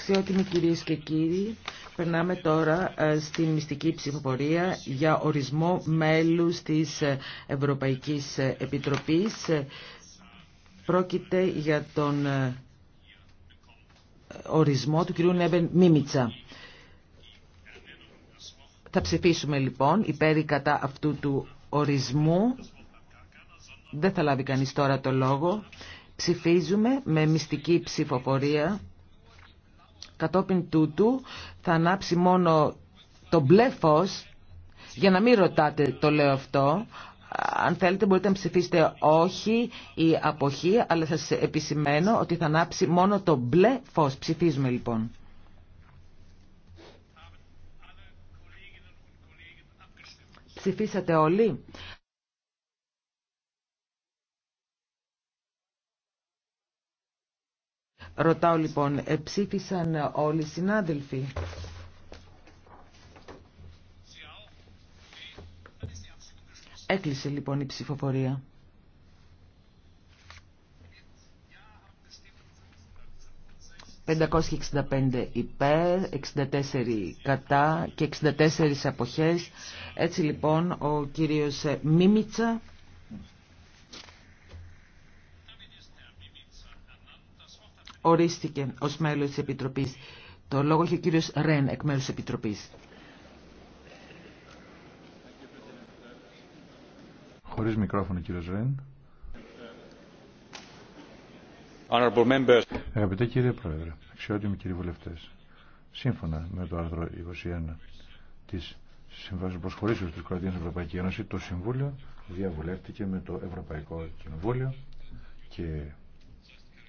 Αξιότιμοι κυρίε και κύριοι, περνάμε τώρα ε, στη μυστική ψηφοφορία για ορισμό μέλους της Ευρωπαϊκής Επιτροπής. Πρόκειται για τον ε, ορισμό του κυρίου Νέβεν Μίμητσα. Θα ψηφίσουμε λοιπόν υπέρ κατά αυτού του ορισμού. Δεν θα λάβει κανείς τώρα το λόγο. Ψηφίζουμε με μυστική ψηφοφορία Κατόπιν τούτου θα ανάψει μόνο το μπλε φως, για να μην ρωτάτε το λέω αυτό, αν θέλετε μπορείτε να ψηφίσετε όχι ή αποχή, αλλά σας επισημαίνω ότι θα ανάψει μόνο το μπλε φως. Ψηφίζουμε λοιπόν. Ψηφίσατε όλοι. Ρωτάω λοιπόν, εψήφισαν όλοι οι συνάδελφοι. Έκλεισε λοιπόν η ψηφοφορία. ...565 υπέρ, 64 κατά και 64 αποχές. Έτσι λοιπόν ο κύριος Μίμητσα ορίστηκε ως μέλος της Επιτροπής. Το λόγο έχει ο κύριος Ρεν εκ μέρους της Επιτροπής. Χωρίς μικρόφωνο κύριος Ρεν. Αγαπητέ κύριε Πρόεδρε, αξιότιμοι κύριοι βουλευτές, σύμφωνα με το άρθρο 21 της Συμβάσεω Προσχωρήσεω τη Κροατία Ευρωπαϊκή Ένωση, το Συμβούλιο διαβουλεύτηκε με το Ευρωπαϊκό Κοινοβούλιο και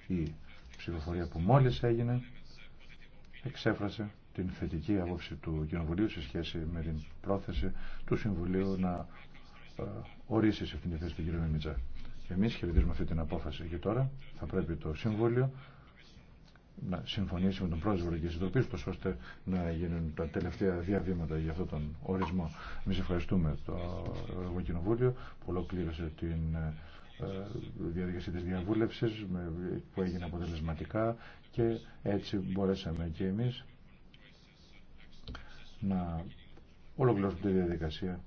η ψηφοφορία που μόλις έγινε εξέφρασε την θετική άποψη του Κοινοβουλίου σε σχέση με την πρόθεση του Συμβουλίου να ε, ορίσει σε αυτήν τη θέση την κυρία Μιμιτζά. Εμεί εμείς χαιρετίζουμε αυτή την απόφαση και τώρα θα πρέπει το Συμβούλιο να συμφωνήσει με τον πρόεδρο και συντροπή ώστε να γίνουν τα τελευταία διαβήματα για αυτόν τον ορισμό. Εμεί ευχαριστούμε το Κοινοβούλιο που ολοκλήρωσε την ε, ε, διαδικασία της διαβούλευσης που έγινε αποτελεσματικά και έτσι μπορέσαμε και εμείς να ολοκληρώσουμε τη διαδικασία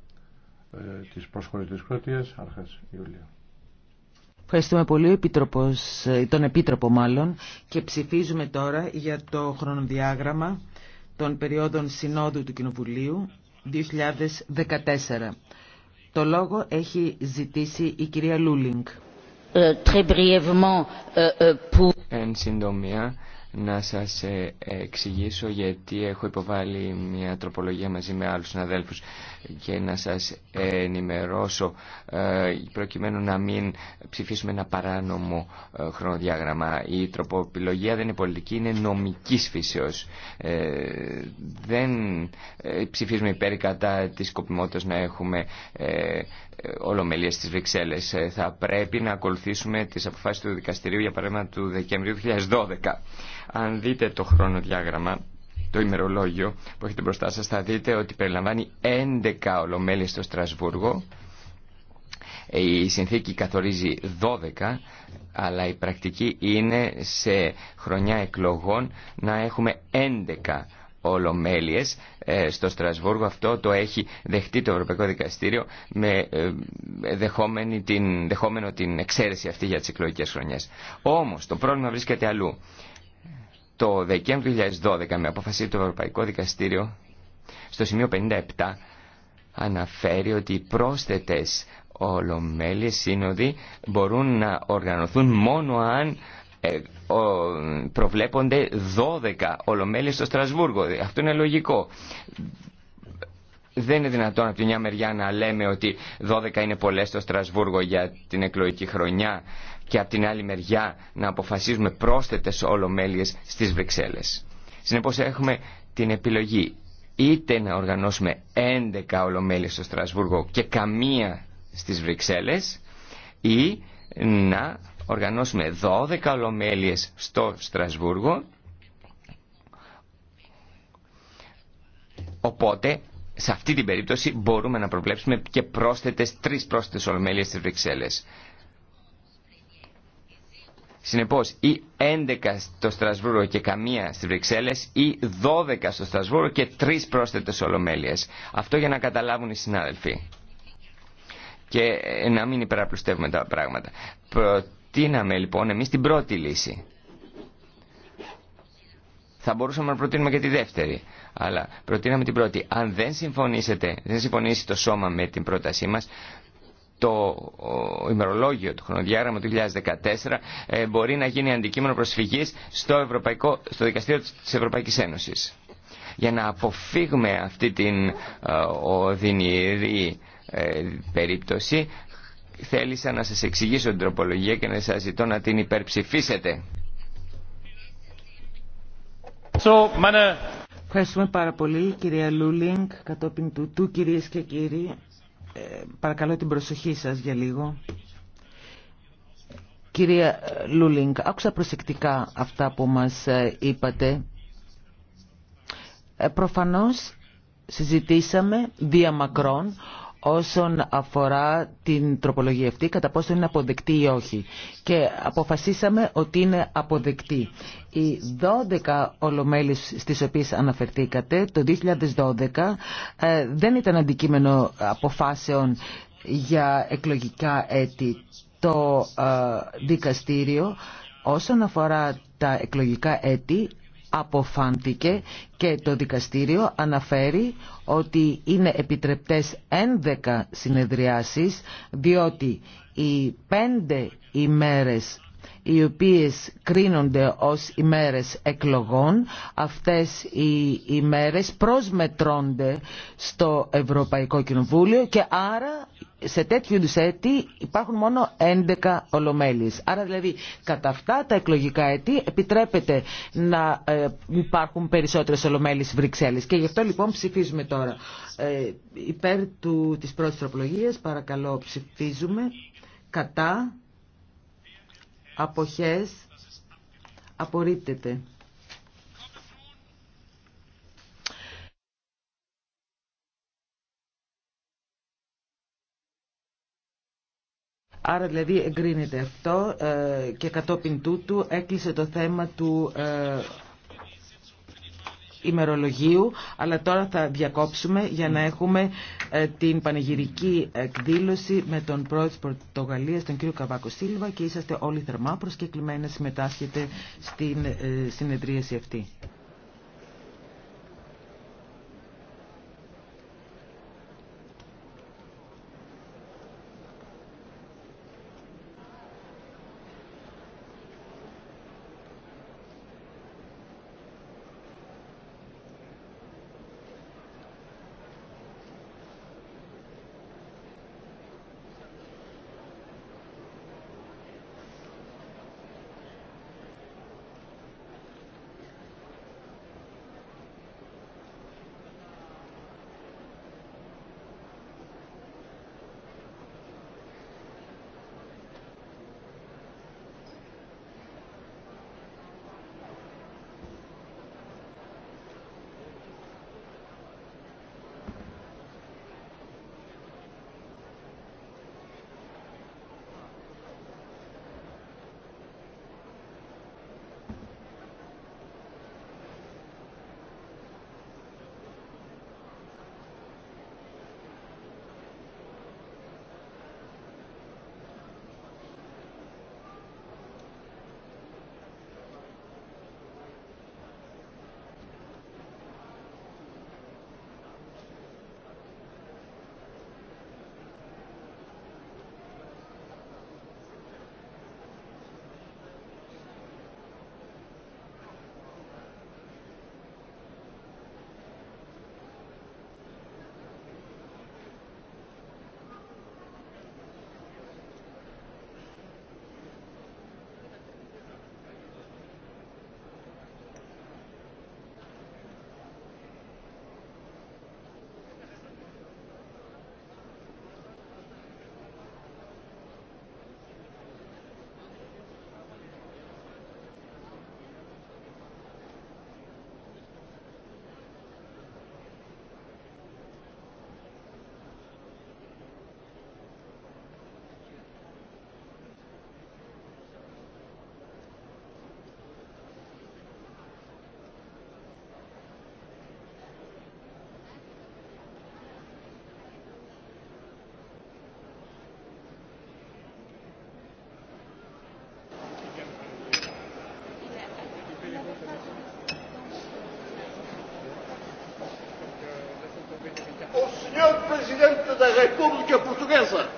ε, της πρόσχολης της Κροατίας αρχές Ιουλίου. Ευχαριστούμε πολύ ε, τον Επίτροπο μάλλον και ψηφίζουμε τώρα για το χρονοδιάγραμμα των περιόδων Συνόδου του Κοινοβουλίου 2014. Το λόγο έχει ζητήσει η κυρία Λούλινγκ. Euh, euh, euh, Εν συντομία, να σας ε, εξηγήσω γιατί έχω υποβάλει μια τροπολογία μαζί με άλλους συναδέλφου και να σας ε, ενημερώσω ε, προκειμένου να μην ψηφίσουμε ένα παράνομο χρονοδιάγραμμα. Η τροποπιλογία δεν είναι πολιτική, είναι νομικής φύσεως. Δεν ψηφίζουμε υπέρ κατά της σκοπιμότητας να έχουμε στι της Ε, Θα πρέπει να ακολουθήσουμε τι αποφάσει του δικαστηρίου, για παράδειγμα του Δεκεμβρίου 2012. Αν δείτε το χρονοδιάγραμμα, το ημερολόγιο που έχετε μπροστά σα, θα δείτε ότι περιλαμβάνει 11 ολομέλειες στο Στρασβούργο. Ε, η συνθήκη καθορίζει 12, αλλά η πρακτική είναι σε χρονιά εκλογών να έχουμε 11 Ολομέλειες ε, στο Στρασβούργο. Αυτό το έχει δεχτεί το Ευρωπαϊκό Δικαστήριο με ε, δεχόμενη την, δεχόμενο την εξαίρεση αυτή για τις εκλογικές χρονιές. Όμως το πρόβλημα βρίσκεται αλλού. Το Δεκέμβριο 2012 με απόφαση του Ευρωπαϊκό Δικαστήριο στο σημείο 57 αναφέρει ότι οι πρόσθετες ολομέλειες σύνοδοι μπορούν να οργανωθούν μόνο αν ε, προβλέπονται 12 ολομέλειε στο Στρασβούργο. Αυτό είναι λογικό. Δεν είναι δυνατόν από τη μια μεριά να λέμε ότι 12 είναι πολλές στο Στρασβούργο για την εκλογική χρονιά και από την άλλη μεριά να αποφασίζουμε πρόσθετες ολομέλειες στις Βρυξέλλες. Συνεπώς έχουμε την επιλογή είτε να οργανώσουμε 11 ολομέλειες στο Στρασβούργο και καμία στις Βρυξέλλες ή να οργανώσουμε 12 ολομέλειες στο Στρασβούργο οπότε σε αυτή την περίπτωση μπορούμε να προβλέψουμε και πρόσθετες, τρεις πρόσθετες ολομέλειες στις Βρυξέλλες. Συνεπώς, ή 11 στο Στρασβούργο και καμία στις Βρυξέλλες ή 12 στο Στρασβούργο και τρεις πρόσθετες ολομέλειες. Αυτό για να καταλάβουν οι συνάδελφοι και ε, να μην υπεραπλουστεύουμε τα πράγματα προτείναμε λοιπόν εμείς την πρώτη λύση. Θα μπορούσαμε να προτείνουμε και τη δεύτερη. Αλλά προτείναμε την πρώτη. Αν δεν συμφωνήσετε, δεν συμφωνήσει το σώμα με την πρότασή μας, το ημερολόγιο, το χρονοδιάγραμμα του 2014 ε, μπορεί να γίνει αντικείμενο προσφυγής στο, Ευρωπαϊκό, στο Δικαστήριο της Ευρωπαϊκής Ένωσης. Για να αποφύγουμε αυτή την ε, οδυνηρή ε, περίπτωση θέλησα να σας εξηγήσω την τροπολογία και να σας ζητώ να την υπερψηφίσετε. Ευχαριστούμε πάρα πολύ κυρία Λούλινγκ, κατόπιν του, του κυρίες και κύριοι. Ε, παρακαλώ την προσοχή σας για λίγο. Κυρία Λούλινγκ, άκουσα προσεκτικά αυτά που μας ε, είπατε. Ε, προφανώς συζητήσαμε διαμακρών όσον αφορά την τροπολογία αυτή, κατά πόσο είναι αποδεκτή ή όχι. Και αποφασίσαμε ότι είναι αποδεκτή. Οι 12 ολομέλειες στις οποίες αναφερθήκατε το 2012 ε, δεν ήταν αντικείμενο αποφάσεων για εκλογικά έτη. Το ε, δικαστήριο όσον αφορά τα εκλογικά έτη αποφάνθηκε και το δικαστήριο αναφέρει ότι είναι επιτρεπτές 11 συνεδριάσεις διότι οι 5 ημέρες οι οποίες κρίνονται ως ημέρες εκλογών. Αυτές οι ημέρες προσμετρώνται στο Ευρωπαϊκό Κοινοβούλιο και άρα σε τέτοιου είδου έτη υπάρχουν μόνο 11 ολομέλειες. Άρα δηλαδή κατά αυτά τα εκλογικά έτη επιτρέπεται να ε, υπάρχουν περισσότερες ολομέλειες Βρυξέλλε. Και γι' αυτό λοιπόν ψηφίζουμε τώρα. Ε, υπέρ του, της πρώτης τροπολογίας παρακαλώ ψηφίζουμε κατά αποχές απορρίπτεται. Άρα δηλαδή εγκρίνεται αυτό ε, και κατόπιν τούτου έκλεισε το θέμα του ε, ημερολογίου, αλλά τώρα θα διακόψουμε για να έχουμε ε, την πανηγυρική εκδήλωση με τον πρόεδρο της Πορτογαλίας, τον κύριο Καβάκο Σίλβα και είσαστε όλοι θερμά προσκεκλημένοι να συμμετάσχετε στην συνεδρίαση αυτή. Senhor Presidente da República Portuguesa.